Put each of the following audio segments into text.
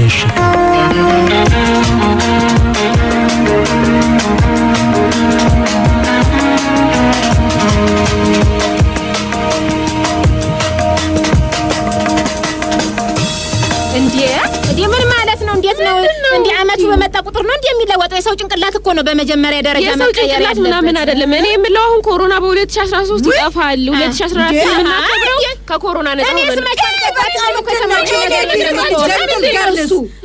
ደሽቃ የሰው ጭንቅላት እኮ ነው በመጀመሪያ ደረጃ መቀየር ያለበት። የሰው ጭንቅላት ምናምን አይደለም። እኔ የምለው አሁን ኮሮና በ2013 ይጠፋል፣ 2014 ምናምን ከኮሮና ነፃ ነው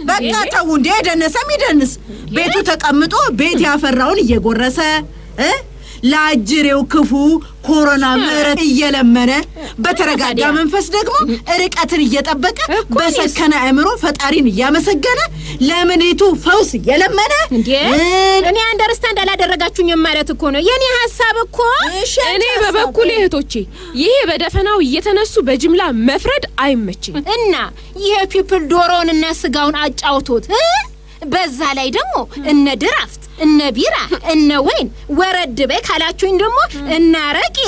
በቃ ተው ይደንስ። ቤቱ ተቀምጦ ቤት ያፈራውን እየጎረሰ ለአጅሬው ክፉ ኮሮና ምሕረት እየለመነ በተረጋጋ መንፈስ ደግሞ ርቀትን እየጠበቀ በሰከነ አእምሮ ፈጣሪን እያመሰገነ ለምኔቱ ፈውስ እየለመነ እኔ አንደርስታንድ አላደረጋችሁኝም ማለት እኮ ነው የኔ ሀሳብ እኮ። እኔ በበኩል እህቶቼ ይሄ በደፈናው እየተነሱ በጅምላ መፍረድ አይመችኝ እና ይሄ ፒፕል ዶሮውንና ስጋውን አጫውቶት በዛ ላይ ደግሞ እነ ድራፍት እነ ቢራ እነ ወይን ወረድ በይ ካላችሁኝ ደግሞ እነ አረቄ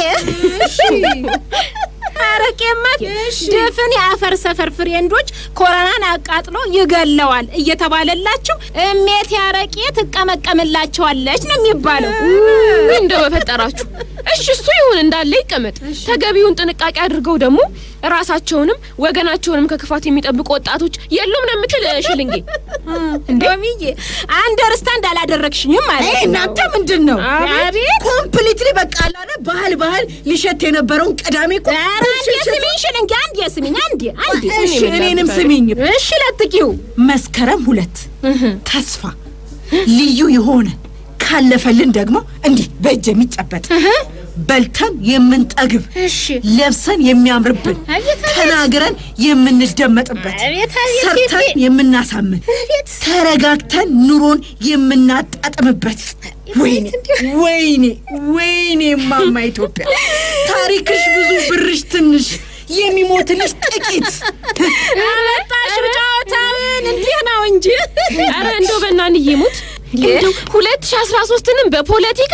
አረቄማ ድፍን የአፈር ሰፈር ፍሬንዶች ኮረናን አቃጥሎ ይገለዋል እየተባለላችሁ እሜት ያረቄ ትቀመቀምላቸዋለች ነው የሚባለው። እንደ በፈጠራችሁ እሺ፣ እሱ ይሁን እንዳለ ይቀመጥ። ተገቢውን ጥንቃቄ አድርገው ደግሞ ራሳቸውንም ወገናቸውንም ከክፋት የሚጠብቁ ወጣቶች የሉም ነው የምትል ሽልንጌ እንደሚዬ አንደርስታንድ አላደረግሽኝም ማለት ነው። እናንተ ምንድን ነው ኮምፕሊትሊ በቃ አላለ ባህል ባህል ሊሸት የነበረውን ቅዳሜ እኮ ስሚሽን እንጂ አንድ የስሚኝ አንድ አንድ እኔንም ስሚኝ እሺ። ለጥቂው መስከረም ሁለት ተስፋ ልዩ የሆነ ካለፈልን ደግሞ እንዲህ በእጅ የሚጨበጥ በልተን የምንጠግብ ለብሰን የሚያምርብን ተናግረን የምንደመጥበት ሰርተን የምናሳምን ተረጋግተን ኑሮን የምናጣጥምበት። ወይኔ ወይኔ ወይኔ ማማ ኢትዮጵያ ታሪክሽ ብዙ ብርሽ ትንሽ የሚሞትልሽ ጥቂት አመጣሽ። ጨዋታን እንዲህ ነው እንጂ ኧረ እንደው በናንዬ ሙት እንደው ሁለት ሺህ አስራ ሶስትንም በፖለቲካ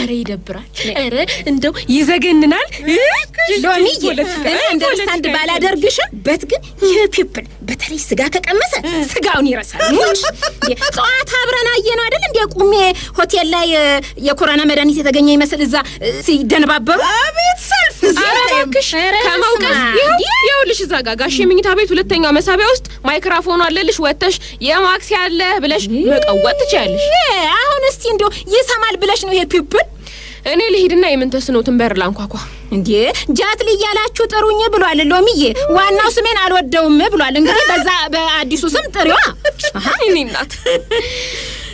ኧረ ይደብራል፣ ኧረ እንደው ይዘገንናል። ሎሚ አንደርስታንድ ባላደርግሽ በት ግን ይህ ፒፕል በተለይ ስጋ ከቀመሰ ስጋውን ይረሳል። ሙች ጠዋት አብረን አየነው አይደል? እንዲያ ቁሜ ሆቴል ላይ የኮሮና መድኃኒት የተገኘ ይመስል እዛ ሲደነባበሩ አቤት ሰልፍ! ኧረ እባክሽ ከመውቀስ ይኸውልሽ፣ እዛ ጋ ጋሽ የምኝታ ቤት ሁለተኛው መሳቢያ ውስጥ ማይክራፎኑ አለልሽ፣ ወጥተሽ የማክስ ያለ ብለሽ መቀወጥ ትችያለሽ። አሁን እስቲ እንዲያው ይሰማል ብለሽ ነው ይሄ ፒፕል አለብን። እኔ ልሂድና የምንተስኖትን በር ላንኳኳ። እንዴ ጃትሊ እያላችሁ ጥሩኝ ብሏል ሎሚዬ። ዋናው ስሜን አልወደውም ብሏል። እንግዲህ በዛ በአዲሱ ስም ጥሪዋ እኔ ናት።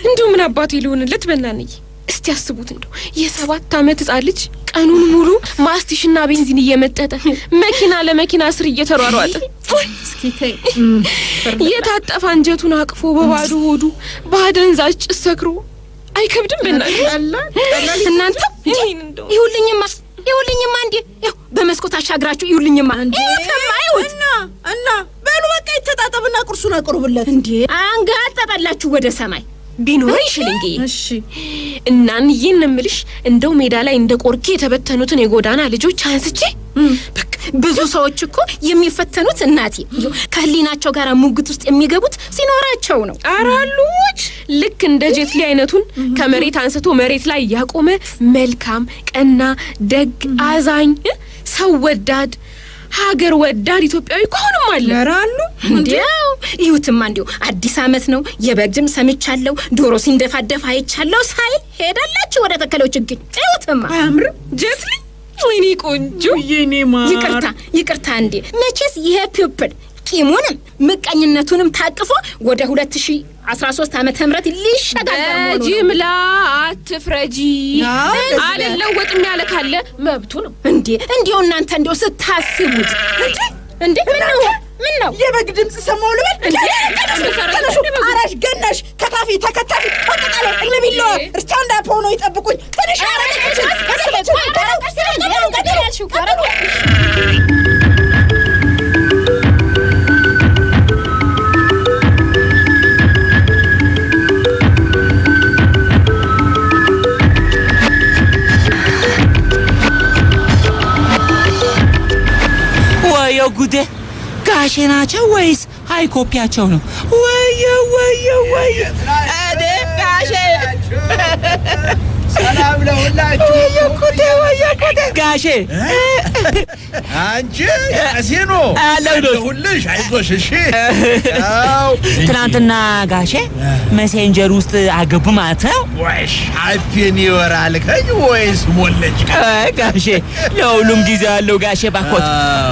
እንዲሁ ምን አባቱ ይልሆንለት በናንዬ እስቲ አስቡት እንደው የሰባት አመት ህጻን ልጅ ቀኑን ሙሉ ማስቲሽና ቤንዚን እየመጠጠ መኪና ለመኪና ስር እየተሯሯጠ የታጠፋ አንጀቱን አቅፎ በባዶ ሆዱ በአደንዛዥ ጭስ ሰክሮ አይከብድም። እናንተ ይሁልኝማ ይሁልኝማ እንዴ ይሁ በመስኮት አሻግራችሁ ይሁልኝማ ከማይሁት እና እና በሉ በቃ ይተጣጠብና ቁርሱን አቅርቡለት። እንዴ አንጋጠጠላችሁ ወደ ሰማይ ቢኖር ይሽልኝ። እሺ እናን ይህን እምልሽ እንደው ሜዳ ላይ እንደ ቆርኪ የተበተኑትን የጎዳና ልጆች አንስቼ በቃ ብዙ ሰዎች እኮ የሚፈተኑት እናቴ ከህሊናቸው ጋር ሙግት ውስጥ የሚገቡት ሲኖራቸው ነው። አራሉች ልክ እንደ ጀትሊ አይነቱን ከመሬት አንስቶ መሬት ላይ ያቆመ መልካም፣ ቀና፣ ደግ፣ አዛኝ፣ ሰው ወዳድ ሀገር ወዳድ ኢትዮጵያዊ ከሆኑም አለ ራሉ እንዲያው ይሁትማ እንዲሁ አዲስ አመት ነው፣ የበግም ሰምቻለሁ፣ ዶሮ ሲንደፋደፍ አይቻለሁ ሳይል ሄዳላችሁ ወደ ተከለው ችግኝ። ይሁትማ አምር ጀስሊ ወይኔ ቆንጆ የኔ ማ ይቅርታ ይቅርታ እንዴ መቼስ ይሄ ፒፕል ቂሙንም ምቀኝነቱንም ታቅፎ ወደ 2013 ዓመተ ምህረት ሊሸጋገር ነው። ጅምላ አትፍረጂ። አልለወጥም ያለ ካለ መብቱ ነው። እንዴ እንዲሁ እናንተ እንዲሁ ስታስቡት እንዴ ምን ነው ምን ነው የበግ ድምፅ ሰማሁ ልበል አራሽ ገነሽ ከታፊ ተከታፊ ወጥቃለ እነሚለዋ እስታንድ ሆኖ ይጠብቁኝ። ትንሽ አረሽ ወየው ጉዴ! ጋሼ ናቸው ወይስ ሃይኮፒያቸው ነው? ወየ ወየው ወየው! እኔ ጋሼ ሰላም ለሁላችሁ። ጋሼ አንቺ ያሲኖ አለሁልሽ፣ አይዞሽ። እሺ ትናንትና ጋሼ መሴንጀር ውስጥ አገቡ ማለት ነው ወይስ ሀፒኒ ወር አልከኝ ወይስ ሞለች? ጋሼ ለሁሉም ጊዜ አለው ጋሼ። ባኮት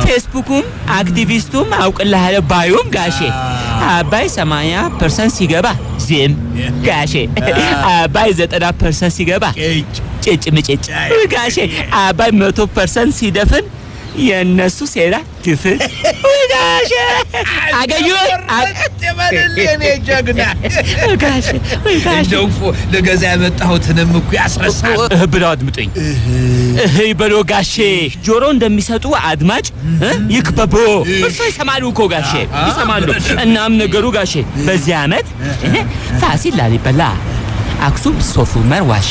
ፌስቡኩም አክቲቪስቱም አውቅልሃለሁ ባዩም ጋሼ አባይ 80 ፐርሰንት ሲገባ ዝም ጋሼ፣ ah. አባይ 90 ፐርሰንት ሲገባ ጭጭ ምጭጭ ጋሼ፣ አባይ 100 ፐርሰንት ሲደፍን የእነሱ ሴራ ክፍል ወጋሽ አገኙ የበልኔ ጀግና ወጋሽ እንደው ለገዛ ያመጣሁትንም እኮ ያስረሳል። ብለው በሎ ጋሼ ጆሮ እንደሚሰጡ አድማጭ ይክበቦ እርሶ ይሰማሉ እኮ ጋሼ ይሰማሉ። እናም ነገሩ ጋሼ በዚህ ዓመት ፋሲል ላሊበላ፣ አክሱም ዋሻ፣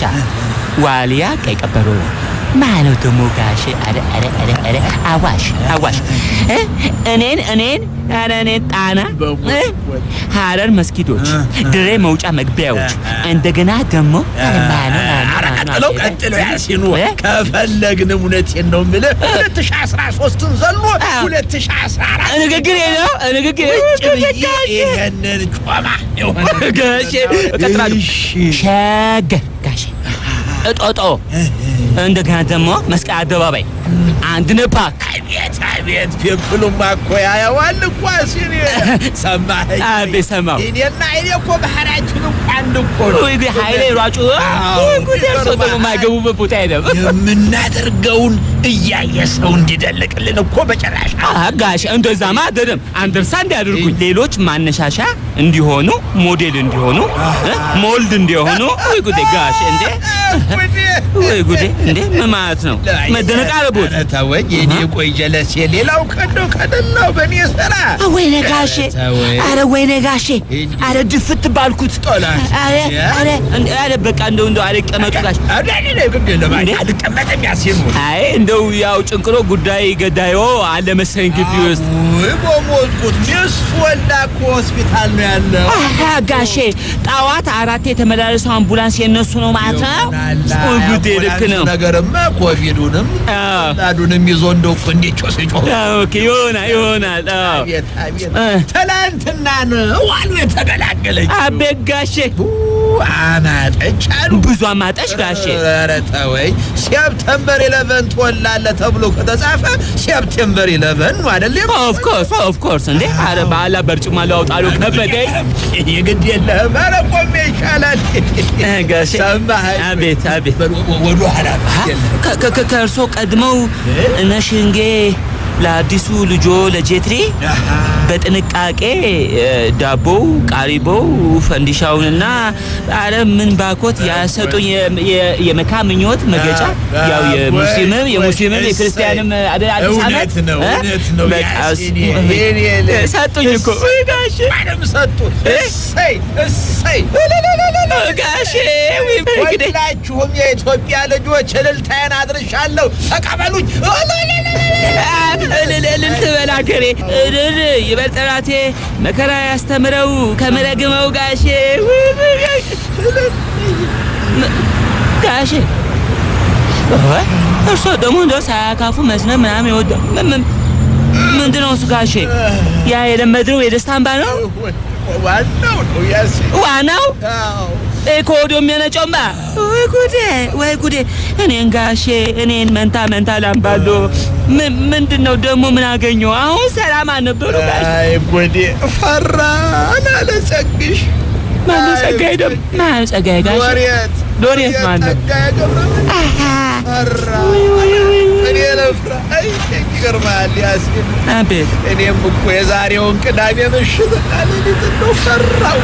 ዋልያ ቀይ ቀበሮ ማለት ደሞ ጋሼ አረ አረ አረ አረ አዋሽ አዋሽ እኔን እኔን አረ እኔን ጣና ሀረር መስጊዶች ድሬ መውጫ መግቢያዎች እንደገና ደግሞ ቀጥለው ቀጥለው ያሲኑ ከፈለግን እውነቴን ነው የምልህ ሁለት ዘሎ ሁለት ንግግር ነው ንግግር ይህንን ጮማ ጋሼ ቀጥላሉ ሸገር ጋሼ እጦጦ እንደገና ደግሞ መስቀል አደባባይ አንድነ ፓርክ። አቤት አቤት! ፒፕሉማ እኮ ያየዋል እኮ ሲኔ ሰማኸኝ? አቤት ሰማሁ። እኔና እኔ እኮ ባህራችን እኮ አንድ እኮ ነው። ወይ ኃይሌ ሯጩ ጉደርሶ ደግሞ ማይገቡበት ቦታ አይደለም የምናደርገውን እያየ ሰው እንዲደልቅልን እኮ በጭራሽ አጋሽ፣ እንደዛ አይደለም። አንደርሳ እንዲያደርጉኝ ሌሎች ማነሻሻ እንዲሆኑ፣ ሞዴል እንዲሆኑ፣ ሞልድ እንዲሆኑ። ወይ ጉዴ ጋሽ! እንዴ! ወይ ጉዴ! እንዴ! ምን ማለት ነው? መደነቅ አለቦት። ተወኝ የኔ ቆይ ጀለሴ። ሌላው ቀዶ ቀደላው በእኔ ስራ። ወይ ነጋሼ! አረ ወይ ነጋሼ! አረ ድፍት ባልኩት። አረ አረ አረ በቃ እንደው እንደው አልቀመጡ ጋሽ። አይ እንደው እንደው ያው ጭንቅሮ ጉዳይ ገዳዮ አለ መሰለኝ ግቢ ውስጥ ወይ በሞትኩት ሚስ ወልዳ እኮ ሆስፒታል ነው ያለው። አሃ ጋሼ ጣዋት አራቴ የተመላለሰው አምቡላንስ የነሱ ነው ማለት ነው። ጉዴ ልክ ነው። ነገርማ ኮቪዱንም ላዱንም ይዞ እንደው እንዴት ጮስ ጮ ኦኬ ይሆናል ይሆናል። ትናንትና ነው ዋሉ የተገላገለች አቤት ጋሼ አማጠች አሉ ብዙ አማጠች ጋሼ ኧረ ተወኝ ሴፕተምበር ኢለቨንት ወል ትበላለህ ተብሎ ከተጻፈ ሴፕቴምበር ኢለቨን አይደለም? ኦፍ ኮርስ ኦፍ ኮርስ። እንዴ አረ ባላ በርጩማ ላውጣሉ ከበደ የግድ የለህም። አረ ቆሜ ይሻላል። ጋሽ ሰማኸኝ? አቤት አቤት። ወደ ኋላ ከእርሶ ቀድመው እነ ሽንጌ ለአዲሱ ልጆ ለጄትሪ በጥንቃቄ ዳቦው፣ ቃሪቦው፣ ፈንዲሻውንና አረ ምን ባኮት ያሰጡኝ የመካ ምኞት መገጫ ያው የሙስሊምም የሙስሊምም የክርስቲያንም አዲስ አመት ነው ነው ሰጡኝ እኮ ሰጡኝ። እሰይ እሰይ ጋሼ ሁላችሁም የኢትዮጵያ ልጆች እልልታዬን አድርሻለሁ፣ ተቀበሉኝ። እልል ትበል እልል ይበል ጠላቴ፣ መከራ ያስተምረው ከመረግመው ጋሼ ጋሼ እርሶ ደግሞ እንደው ሳያካፉ መስነን ምናምን ይወዳ ምንድነው እሱ ጋሼ? ያ የለመድነው የደስታ እንባ ነው። ዋናው ነው ያሲ ዋናው ከወዲሁ የሚያነጨውማ ወይ ጉዴ ወይ ጉዴ እኔን ጋሼ እኔን መንታ መንታ ላምባሎ ምንድን ነው ደግሞ ምን አገኘው አሁን ሰላም አልነበሩ አይ ጉዴ ፈራን አለ ጸግሽ ማነው ጸጋዬ ደግሞ ማነው ጸጋዬ ጋሼ ዶሬት ዶሬት ማነው አሃ ፈራ እኔ ለፍራ ይገርማል። ያስኪ እኔም እኮ የዛሬውን ቅዳሜ ምሽት ቃልሊት ነው ፈራው።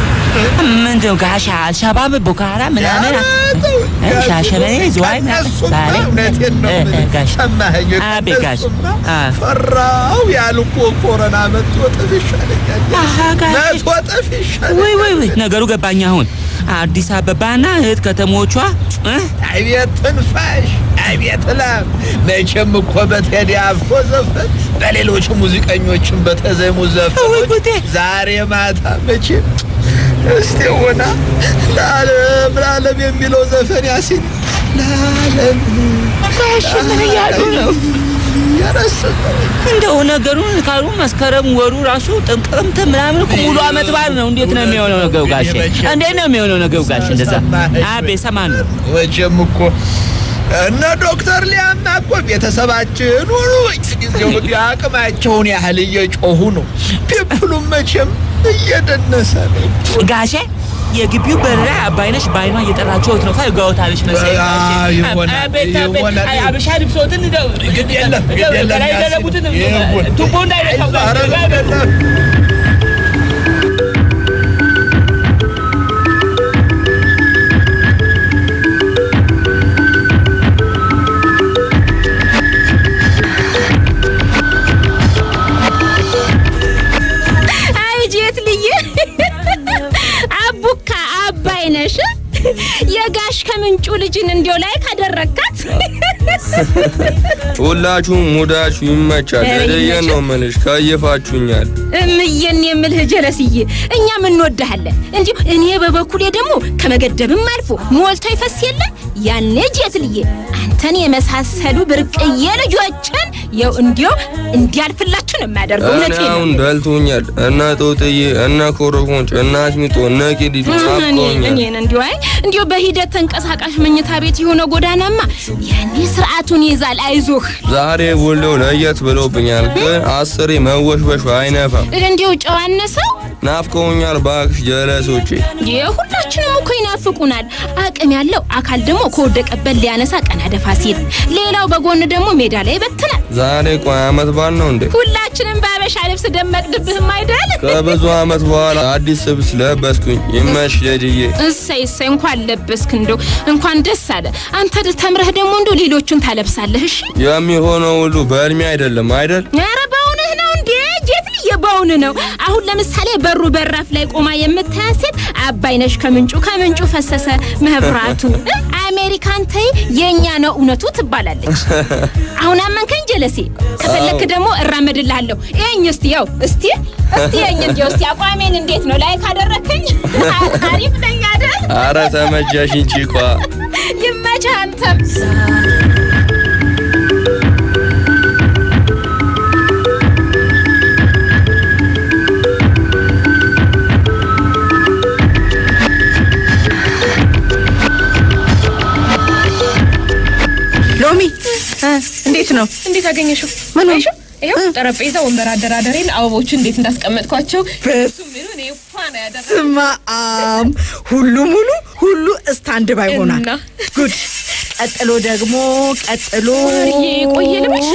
ምንድነው ጋሻ አልሻባብ ቦካራ ምናምን ሻሸመኔ ዝዋይ ፈራው ያሉ እኮ ኮረና መቶ ጥፍ ይሻለኛል፣ መቶ ጥፍ ይሻለኛል። ነገሩ ገባኝ አሁን አዲስ አበባና እህት ከተሞቿ አቤት ትንፋሽ፣ አቤት ላም። መቼም እኮ በቴዲ አፍሮ ዘፈን፣ በሌሎች ሙዚቀኞችም በተዘሙ ዘፈኖች ዛሬ ማታ መቼም እስቲ ሆና ለዓለም ለዓለም የሚለው ዘፈን ያሲን ለዓለም ጋሽ ምን እያሉ ነው? እንደው ነገሩን ካሉ መስከረም ወሩ ራሱ ጥቅምት ምናምን ሙሉ አመት በዓል ነው። እንዴት ነው የሚሆነው ነገሩ ጋሼ? እንዴት ነው የሚሆነው ነገው ጋሼ? እንደዛ አቤ ሰማን ወጀም እኮ እነ ዶክተር ሊያማ እኮ ቤተሰባችን ሁሉ ጊዜው አቅማቸውን ያህል እየጮሁ ነው። ፒፕሉም መቼም እየደነሰ ነው ጋሼ የግቢው በረራ አባይነሽ በዓይኗ እየጠራቸው ነው። ታይጓውታለሽ መሰለኝ። አበሻ ልብሶትን ግድ የለም ቱቦ እንዳይነካው ነሽ የጋሽ ከምንጩ ልጅን እንዲው ላይ ካደረካት ሁላችሁም ሙዳችሁ ይመቻል። ለየ ነው የምልሽ፣ ካየፋችሁኛል። እምዬን የምልህ ጀለስዬ፣ እኛ እንወድሃለን። እንዲሁ እኔ በበኩሌ ደግሞ ከመገደብም አልፎ ሞልቶ ይፈስ የለ ያኔ ጀስልዬ አንተን የመሳሰሉ ብርቅዬ ልጆችን የው እንዲዮ እንዲያልፍላችሁ ነው የሚያደርገው። እውነት ነው። አሁን ደልቶኛል እና ጦጥዬ እና ኮረፎንጭ እና አስሚጦ እና ቂዲ ጻቆኛል። እኔ እንዲዮ አይ እንዲዮ በሂደት ተንቀሳቃሽ መኝታ ቤት የሆነ ጎዳናማ ያኔ ስርዓቱን ይዛል። አይዞህ ዛሬ ውሎ ለየት ብሎብኛል፣ ግን አስሬ መወሽበሽ አይነፋም። እንዲዮ ጨዋነሰው ናፍቀውኛል ባክሽ ጀለሶቼ። የሁላችንም እኮ ይናፍቁናል። አቅም ያለው አካል ደግሞ ከወደቀበት ሊያነሳ ቀና ደፋ ሲል፣ ሌላው በጎን ደግሞ ሜዳ ላይ ይበትናል። ዛሬ ቆይ አመት በዓል ነው እንዴ? ሁላችንም በአበሻ ልብስ ደመቅ ድብህም አይደል? ከብዙ አመት በኋላ አዲስ ልብስ ለበስኩኝ። ይመሽ ሌድዬ። እሰይ እሰይ፣ እንኳን ለበስክ እንደው እንኳን ደስ አለ። አንተ ተምረህ ደግሞ እንደው ሌሎቹን ታለብሳለህ። እሺ የሚሆነው ሁሉ በእድሜ አይደለም አይደል? ኑሮውን ነው። አሁን ለምሳሌ በሩ በራፍ ላይ ቆማ የምታያት ሴት አባይነሽ ከምንጩ ከምንጩ ፈሰሰ መብራቱ አሜሪካን ተይ የኛ ነው እውነቱ ትባላለች። አሁን አመንከኝ ጀለሴ። ከፈለክ ደግሞ እራመድልሃለሁ። እኝ እስቲ ያው እስቲ እስቲ እኝ እንጂ እስቲ አቋሜን እንዴት ነው ላይ ካደረከኝ አሪፍ ነኝ አይደል? ኧረ ተመጃሽ እንጂ ቋ ይመችህ አንተም ነው። እንዴት አገኘሽው? ምን ነው ይሄው ጠረጴዛ፣ ወንበር አደራደሬን፣ አበቦቹ እንዴት እንዳስቀመጥኳቸው ስማ፣ ሁሉ ሙሉ ሁሉ ስታንድ ባይ ሆናል። ጉድ። ቀጥሎ ደግሞ ቀጥሎ ቆየ ልበሽ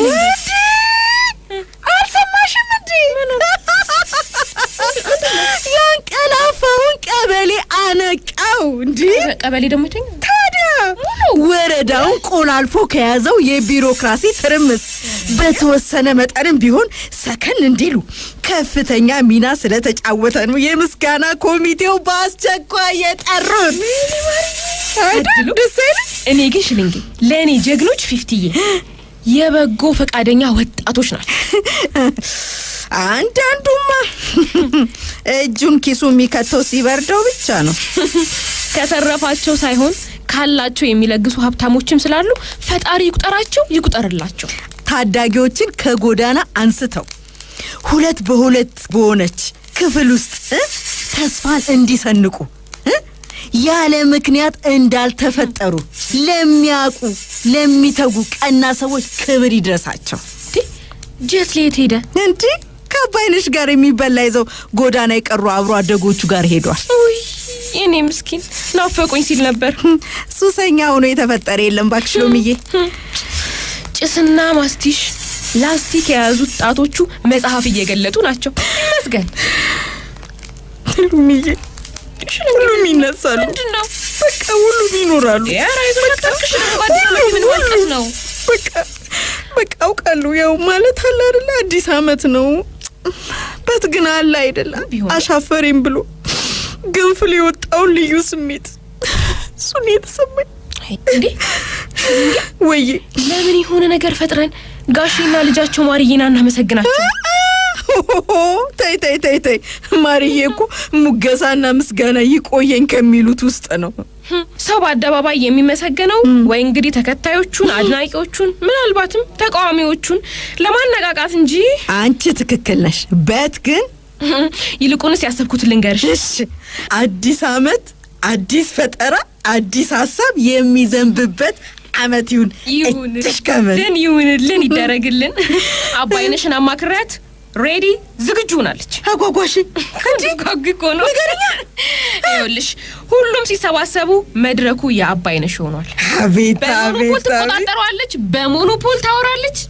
አልሰማሽም እንዴ? ያንቀላፋውን ቀበሌ አነቃው እንዴ? ቀበሌ ደግሞ ተኛ ወረዳውን ቆላልፎ ከያዘው የቢሮክራሲ ትርምስ በተወሰነ መጠንም ቢሆን ሰከን እንዲሉ ከፍተኛ ሚና ስለተጫወተ ነው የምስጋና ኮሚቴው በአስቸኳይ የጠሩት። ደስ እኔ ግን ሽልንጌ፣ ለእኔ ጀግኖች ፊፍትዬ የበጎ ፈቃደኛ ወጣቶች ናቸው። አንዳንዱማ እጁን ኪሱ የሚከተው ሲበርደው ብቻ ነው። ከተረፋቸው ሳይሆን ካላቸው የሚለግሱ ሀብታሞችም ስላሉ ፈጣሪ ይቁጠራቸው ይቁጠርላቸው። ታዳጊዎችን ከጎዳና አንስተው ሁለት በሁለት በሆነች ክፍል ውስጥ ተስፋን እንዲሰንቁ ያለ ምክንያት እንዳልተፈጠሩ ለሚያውቁ ለሚተጉ ቀና ሰዎች ክብር ይድረሳቸው። ጀት ሌት ሄደ እንዲህ ከአባይነሽ ጋር የሚበላ ይዘው ጎዳና የቀሩ አብሮ አደጎቹ ጋር ሄዷል። የኔ ምስኪን ናፈቁኝ ሲል ነበር። ሱሰኛ ሆኖ የተፈጠረ የለም ባክሽ ሎሚዬ። ጭስና ማስቲሽ ላስቲክ የያዙት ጣቶቹ መጽሐፍ እየገለጡ ናቸው። ይመስገን ሎሚዬ። ሁሉም ይነሳሉ። ምንድን በቃ ሁሉም ይኖራሉ። ምን ነው በቃ አውቃለሁ። ያው ማለት አለ አይደለ አዲስ አመት ነው በት ግን አለ አይደለም አሻፈሬም ብሎ ገንፍል የወጣውን ልዩ ስሜት እሱን የተሰማኝ እንዴ ወይ ለምን የሆነ ነገር ፈጥረን ጋሽና ልጃቸው ማርዬን እናመሰግናቸው። ተይ ተይ ተይ ተይ፣ ማርዬ እኮ ሙገሳና ምስጋና ይቆየኝ ከሚሉት ውስጥ ነው። ሰው በአደባባይ የሚመሰገነው ወይ እንግዲህ ተከታዮቹን፣ አድናቂዎቹን፣ ምናልባትም ተቃዋሚዎቹን ለማነቃቃት እንጂ። አንቺ ትክክል ነሽ በት ግን ይልቁንስ ያሰብኩት ልንገርሽ። አዲስ አመት፣ አዲስ ፈጠራ፣ አዲስ ሀሳብ የሚዘንብበት አመት ይሁን። ይሁንልን፣ ይሁንልን፣ ይደረግልን። አባይነሽን አማክሪያት ሬዲ ዝግጁ ሆናለች። አጓጓሽ ጓጉ እኮ ነው ነገርኛ። ይኸውልሽ ሁሉም ሲሰባሰቡ መድረኩ የአባይነሽ ሆኗል። አቤት አቤት! ትቆጣጠረዋለች፣ በሞኖፖል ታወራለች።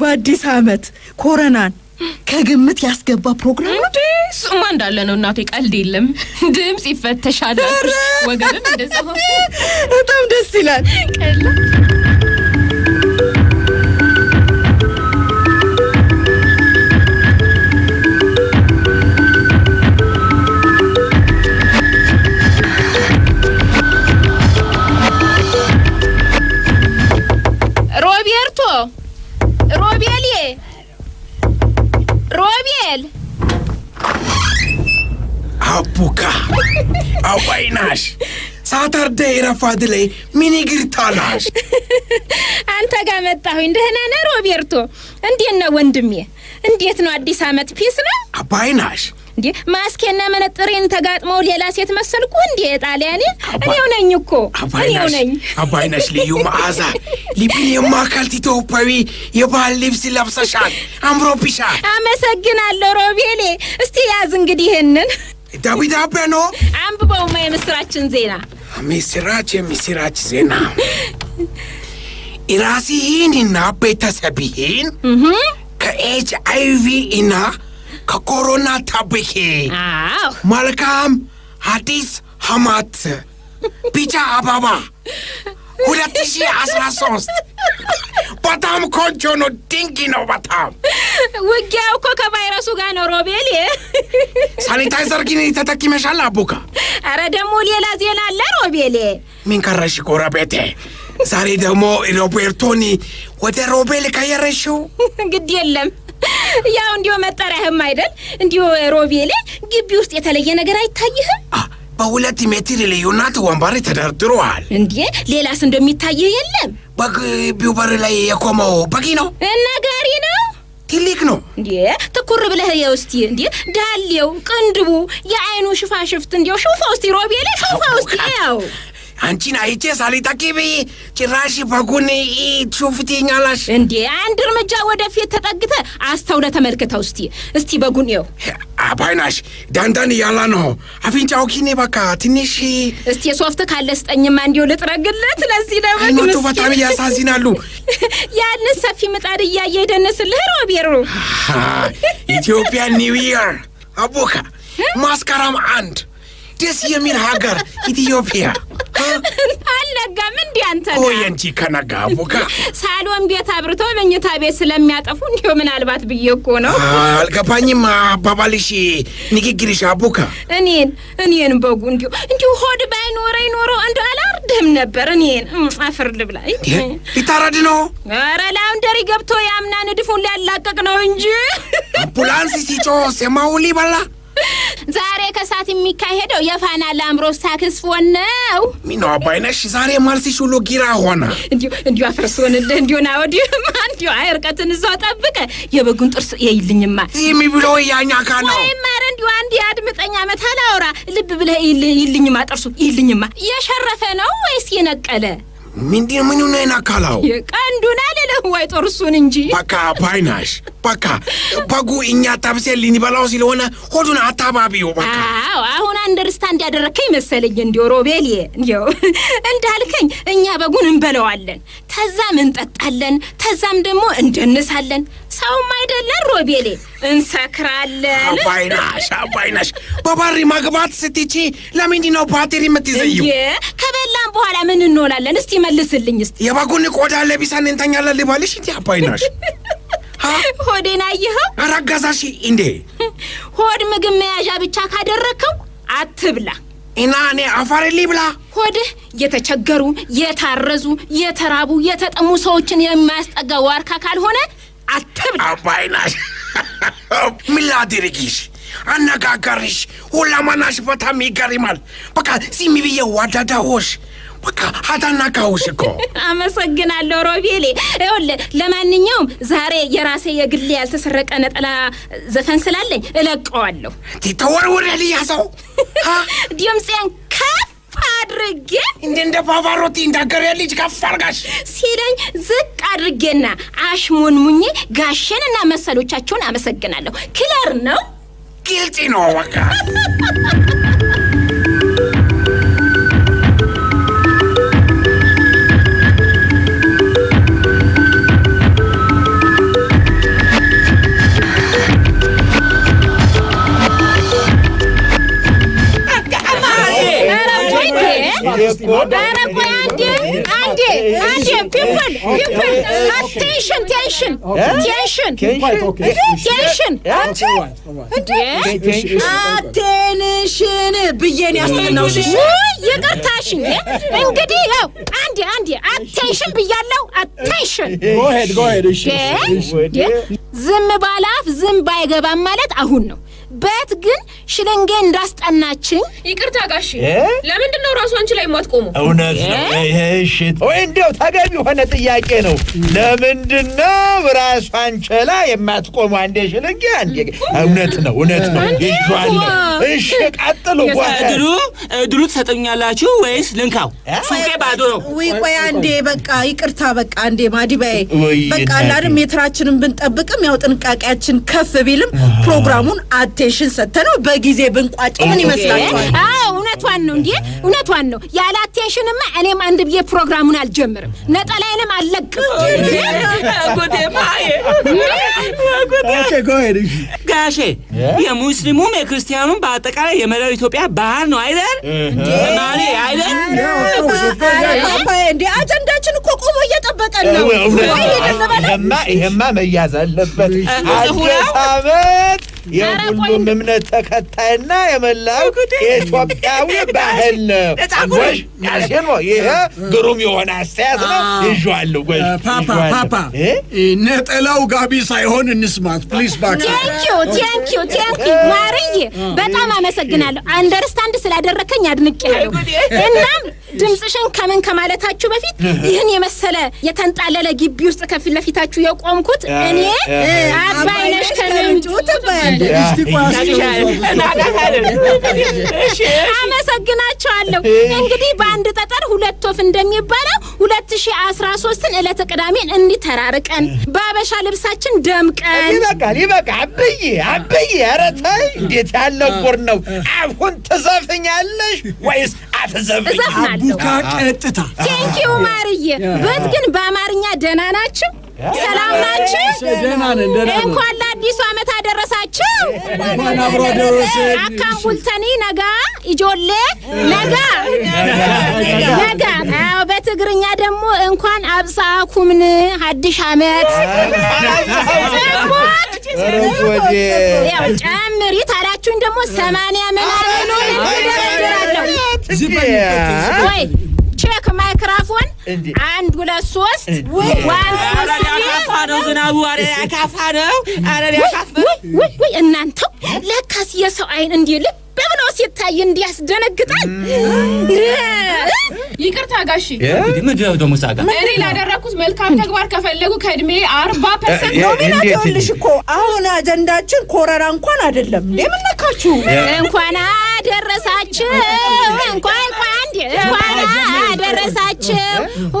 በአዲስ አመት ኮረናን ከግምት ያስገባ ፕሮግራም እንዴ? እሱማ እንዳለ ነው እናቴ፣ ቀልድ የለም። ድምፅ ይፈተሻል ወገንም እንደዛ በጣም ደስ ይላል። ሮቤርቶ ሮቤል ይሆናል። አቡካ አባይናሽ ሳታርደይ ረፋድ ላይ ምን ይግርታላሽ? አንተ ጋር መጣሁኝ። ደህና ነህ ሮቤርቶ? እንዴት ነው ወንድሜ? እንዴት ነው አዲስ አመት? ፒስ ነው አባይናሽ እንዴ ማስኬና መነጥሬን ተጋጥመው ሌላ ሴት መሰልኩ እንዴ? ጣሊያኔ እኔው ነኝ እኮ እኔው ነኝ። አባይነሽ ልዩ መዓዛ ሊቢን የማካልት ኢትዮጵያዊ የባህል ልብስ ለብሰሻል፣ አምሮብሻል። አመሰግናለሁ ሮቤሌ። እስቲ ያዝ እንግዲህ ይህንን ዳቢዳቤ ነው አንብበውማ። የምስራችን ዜና ምስራች፣ የምስራች ዜና እራስህን እና ቤተሰብህን ከኤች አይቪ እና ከኮሮና ታብሄ መልካም አዲስ አመት ቢጫ አበባ 2013 በጣም ቆንጆ ነው። ድንቅ ነው በጣም ውጊያው እኮ ከቫይረሱ ጋር ነው። ሮቤል ሳኒታይዘር ግን ተጠቅመሻል አቡካ? አረ ደግሞ ሌላ ዜና አለ ሮቤሌ ምን ቀረሽ ጎረቤቴ? ዛሬ ደግሞ ሮቤርቶኒ ወደ ሮቤል ቀየረሽው። ግድ የለም ያው እንዲሁ መጠሪያህም አይደል? እንዲሁ ሮቤሌ፣ ግቢ ውስጥ የተለየ ነገር አይታይህም? በሁለት ሜትር ልዩነት ወንበር ተደርድሯል። እንዴ ሌላስ እንደሚታይህ የለም? በግቢው በር ላይ የቆመው በጊ ነው እና ጋሪ ነው ትልቅ ነው እንዴ ትኩር ብለህ የውስቲ እንዴ ዳሌው ቅንድቡ የአይኑ ሽፋሽፍት እንዲው ሹፋ ውስቲ ሮቤሌ ሹፋ ውስቲ ያው አንቺን አይቼ ሳልጠቂ ብዬ ጭራሽ በጎኔ ትሾፍ እንዴ? አንድ እርምጃ ወደፊት ተጠግተ አስተውለ ተመልክተው እስቲ እስቲ በጉን ው አባይናሽ ዳንዳን እያላ ነው አፍንጫው ኪኔ በቃ ትንሽ እስቲ የሶፍት ካለ ስጠኝማ እንዲሁ ልጥረግለት። ለዚህ ለመግቱ በጣም እያሳዝናሉ። ያንን ሰፊ ምጣድ እያየ ይደንስልህ ሮቤሮ። ኢትዮጵያ ኒው ይር አቦካ ማስከረም አንድ ደስ የሚል ሀገር ኢትዮጵያ አልነጋም እንዲ አንተ ቆይ እንጂ ከነጋ ቡካ ሳሎን ቤት አብርቶ መኝታ ቤት ስለሚያጠፉ እንዲሁ ምናልባት ብዬ እኮ ነው። አልገባኝም አባባልሽ፣ ንግግርሽ አቡካ። እኔን እኔን በጉ እንዲሁ እንዲሁ ሆድ ባይኖረኝ ኖሮ እንደ አላርድህም ነበር። እኔን አፍርድ ብላ ሊታረድ ነው። ኧረ ላውንደሪ ገብቶ የአምና ንድፉን ሊያላቀቅ ነው እንጂ አምቡላንስ ሲጮህ ሰማሁ ሊበላ ዛሬ ከሰዓት የሚካሄደው የፋና ላምሮት ሳክስፎን ነው። ሚና አባይነሽ ዛሬ ማርሲሽ ሁሉ ጊራ ሆነ። እንዲሁ እንዲሁ አፍርሶንልህ እንዲሁን አወዲህማ እንዲሁ አይርቀትን እዛው ጠብቀ የበጉን ጥርስ የይልኝማ ይሚ ብሎ ያኛ ካ ነው ወይም ኧረ እንዲሁ አንድ የአድምጠኝ አመት አላውራ ልብ ብለህ ይልኝማ ጥርሱ ይልኝማ የሸረፈ ነው ወይስ የነቀለ? ምንድ ምኑን አይን አካላው የቀንዱን አይደለም ወይ ጦርሱን እንጂ በቃ ባይናሽ በቃ በጉ እኛ ጠብሴ ሊበላው ስለሆነ ሆዱን አታባቢው በቃ አሁን አንደርስታንድ ያደረከኝ መሰለኝ እንዲው ሮቤል እንዲው እንዳልከኝ እኛ በጉን እንበለዋለን ተዛም እንጠጣለን ተዛም ደግሞ እንደንሳለን ሰውም አይደለን ሮቤሌ፣ እንሰክራለን። አባይናሽ አባይናሽ፣ በባሪ ማግባት ስትቺ ለምንድ ነው ባትሪ የምትይዘዩ? ከበላን በኋላ ምን እንሆናለን? እስቲ መልስልኝ። እስቲ የበጉን ቆዳ ለቢሳን እንተኛለን ልባልሽ እንዲ አባይናሽ፣ ሆዴን አየኸው? አራጋዛሽ እንዴ! ሆድ ምግብ መያዣ ብቻ ካደረግከው አትብላ እና እኔ አፋር ብላ ሆድህ የተቸገሩ፣ የታረዙ፣ የተራቡ፣ የተጠሙ ሰዎችን የማያስጠጋ ዋርካ ካልሆነ አትብል አባይ ምን ላድርግሽ? አነጋገርሽ፣ ሁለመናሽ በጣም ይገርማል። በቃ ዝም ብዬ በቃ አታናካውሽ እኮ። አመሰግናለሁ ሮቤሌ። ይኸውልህ ለማንኛውም ዛሬ የራሴ የግሌ ያልተሰረቀ ነጠላ ዘፈን ስላለኝ እለቀዋለሁ። ድምፄን ከፍ ከፍ አድርጌ እንደ እንደ ፓቫሮቲ ልጅ ከፍ አድርጋሽ ሲለኝ ዝቅ አድርጌና አሽሞንሙኜ ጋሼን እና መሰሎቻቸውን አመሰግናለሁ። ክለር ነው፣ ግልጽ ነው በቃ ቴንሽን ቴንሽን ቴንሽን አንቺ እንዴ አቴንሽን ብዬን ያስጠናውሽ ይቅርታሽ። እንግዲህ ይኸው አንዴ አንዴ አቴንሽን ብያለው። አቴንሽን ዝም ባላፍ ዝም ባይገባም ማለት አሁን ነው በት ግን ሽለንጌ እንዳስጠናችኝ። ይቅርታ ጋሽ፣ ለምንድን ነው ራሱ አንቺ ላይ የማትቆሙ? እውነት ነው ይሄ ወይ እንዲያው ተገቢ የሆነ ጥያቄ ነው። ለምንድን ነው ራሱ አንቺ ላይ የማትቆሙ? አንዴ ሽለንጌ፣ አንዴ እውነት ነው እውነት ነው ይዋለ። እሺ ቀጥሉ። እድሉ እድሉ ትሰጠኛላችሁ ወይስ ልንካው? ሱቄ ባዶ ነው። ወይ ቆይ አንዴ በቃ ይቅርታ፣ በቃ አንዴ ማዲባዬ፣ በቃ አላርም ሜትራችንን ብንጠብቅም ያው ጥንቃቄያችን ከፍ ቢልም ፕሮግራሙን አቴንሽን ሰጥተነው በጊዜ ብንቋጭ ምን ይመስላችኋል? አዎ እውነቷን ነው እንዴ! እውነቷን ነው። ያለ አቴንሽንማ እኔም አንድ ብዬ ፕሮግራሙን አልጀምርም፣ ነጠላዬንም አልለቅም። ጋሼ የሙስሊሙም የክርስቲያኑም በአጠቃላይ የመላው ኢትዮጵያ ባህል ነው አይደል? ማሌ አይደል? እንዴ አጀንዳችን እኮ ቆሞ እየጠበቀን ነው። ይሄማ መያዝ አለበት። አዲስ ዓመት የሁሉም እምነት ተከታይና የመላው የኢትዮጵያዊ ባህል ነው። ጎሽ ያሴን ይሄ ግሩም የሆነ አስተያየት ነው። ይዤዋለሁ። ጎሽ ፓፓ ፓፓ ነጠላው ጋቢ ሳይሆን እንስማት ፕሊስ። ባክ ቴንኪዩ ቴንኪዩ ቴንኪዩ ማርዬ፣ በጣም አመሰግናለሁ። አንደርስታንድ ስላደረከኝ አድንቄያለሁ። እናም ድምፅሽን ከምን ከማለታችሁ በፊት ይህን የመሰለ የተንጣለለ ግቢ ውስጥ ከፊት ለፊታችሁ የቆምኩት እኔ አባይነሽ ከምንጩ አመሰግናቸዋለሁ። እንግዲህ በአንድ ጠጠር ሁለት ወፍ እንደሚባለው ሁለት ሺህ አስራ ሶስትን ዕለተ ቅዳሜን እንዲተራርቀን በአበሻ ልብሳችን ደምቀን ይበቃል፣ ይበቃል። አብዬ አብዬ፣ ኧረ ተይ! እንዴት ያለ ጉር ነው! አሁን ትዘፍኛለሽ ወይስ አትዘፍኝ? ቡካ ቀጥታ ቴንኪዩ ማርዬ በት ግን በአማርኛ ደህና ናችሁ? ሰላም ናችሁ? እንኳን ለአዲሱ ዓመት አደረሳችሁ። አካንቡልተኒ ነጋ ኢጆሌ ነጋ ነጋ። በትግርኛ ደግሞ እንኳን አብሳ አብፃኩምን ሀዲሽ ዓመት ያው ጨምሪ ታላችሁን ደግሞ ሰማንያ ምናምን ቼክ ማይክራፎን አንድ ሁለት ሶስት ነው እናንተው ለካስ የሰው አይን እንዲህ ልክ ብሎ ሲታይ እንዲያስደነግጣል። ይቅርታ ጋሺ፣ ምንድነው ደግሞ ሳጋ እኔ ላደረግኩት መልካም ተግባር ከፈለጉ ከእድሜ አርባ ፐርሰንት ኖሚናት ይኸውልሽ እኮ አሁን አጀንዳችን ኮረራ እንኳን አይደለም። እንደምን ነካችሁ? እንኳን አደረሳችሁ እንኳን እንኳን አደረሳችሁ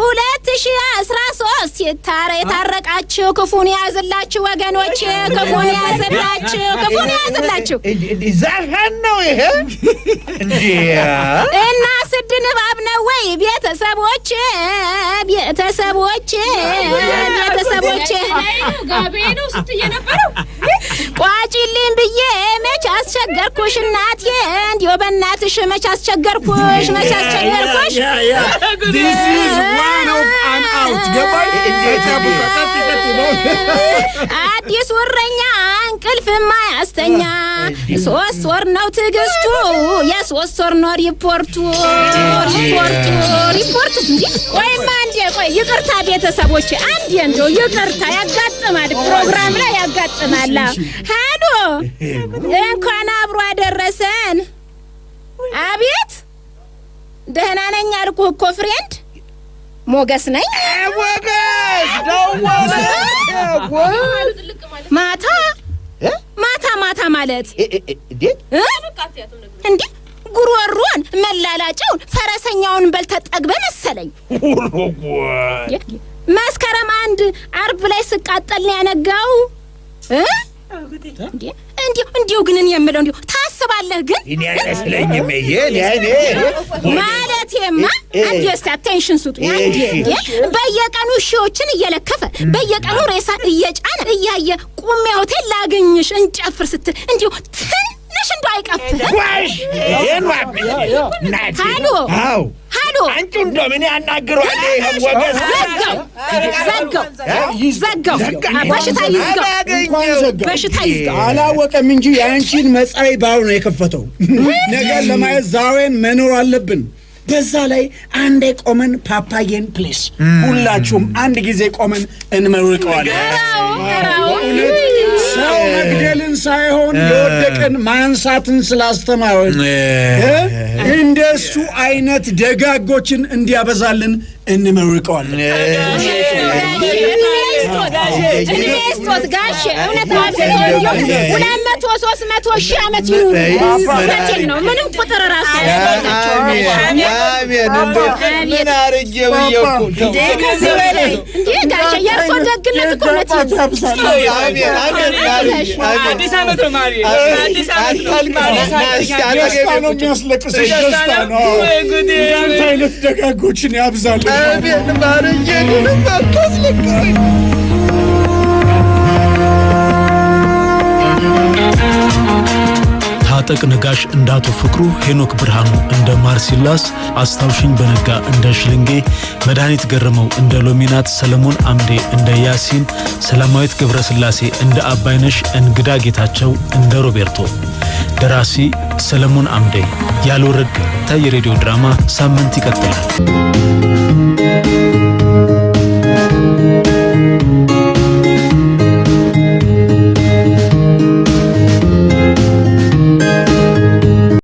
ሁለት ሺህ አስራ ሶስት የታረቃችሁ ክፉን ያዝላችሁ ወገኖች፣ ክፉን ያዝላችሁ፣ ክፉን ያዝላችሁ። ዘፈን ነው ይሄ እና ስድ ንባብ ነው ወይ? ቤተሰቦች ቤተሰቦች ቤተሰቦች ቋጭልኝ ብዬ መች አስቸገርኩሽ እናቴ? እንዲያው በእናትሽ መች አስቸገርኩሽ፣ መች አስቸገርኩሽ አዲስ ወረኛ እንቅልፍ ማያስተኛ ሶስት ወር ነው ትግስቱ የሶስት ወር ነው ሪፖርቱ ሪፖርቱ ሪፖርቱ ቆይማ እንዴ ቆይ ይቅርታ ቤተሰቦች አንዴ እንደው ይቅርታ ያጋጥማል ፕሮግራም ላይ ያጋጥማል ሀዶ እንኳን አብሮ አደረሰን አቤት ደህና ነኝ አልኩህ እኮ ፍሬንድ ሞገስ ነኝ። ሞገስ ደወለ ማታ ማታ ማታ ማለት እንዴ? ጉሮሮን መላላጫውን ፈረሰኛውን በልተጠግበ መሰለኝ። መስከረም አንድ አርብ ላይ ስቃጠል ነው ያነጋው። እንዲሁ ግን እኔ የምለው እንዲሁ ታስባለህ ግን እኔ አይመስለኝም። ማለቴማ አንዴ እስኪ አቴንሽን ስጡ። አንዴ በየቀኑ ሺዎችን እየለከፈ በየቀኑ ሬሳ እየጫነ እያየ ቁሜ ሆቴል ላገኝሽ እንጨፍር ስትል እንዲሁ ትንሽ እንደው አይቀፍልህ አዎ አንቺ እንደው ምን ያናግረዋል? አላወቀም እንጂ የአንቺን መጻኢ ባሩ ነው የከፈተው። ነገር ለማየት ዛሬን መኖር አለብን። በዛ ላይ አንዴ ቆመን ፓፓየን ፕሌስ ሁላችሁም አንድ ጊዜ ቆመን እንመርቀዋለን። ሰው መግደልን ሳይሆን የወደቀን ማንሳትን ስላስተማረ እንደሱ አይነት ደጋጎችን እንዲያበዛልን እንመርቀዋለን። ክርስቶስ ጋሽ እውነት ሁለት መቶ ሶስት መቶ ሺህ ዓመት ይኑሩ። መቼም ነው ምንም ቁጥር ራሱ ያብዛል። ታጠቅ ነጋሽ፣ እንደ አቶ ፍቅሩ፣ ሄኖክ ብርሃኑ እንደ ማርሲላስ፣ አስታውሽኝ በነጋ እንደ ሽልንጌ፣ መድኃኒት ገረመው እንደ ሎሚናት፣ ሰለሞን አምዴ እንደ ያሲን፣ ሰላማዊት ገብረስላሴ እንደ አባይነሽ፣ እንግዳ ጌታቸው እንደ ሮቤርቶ። ደራሲ ሰለሞን አምዴ። ያልወረድ ታየ ሬዲዮ ድራማ ሳምንት ይቀጥላል።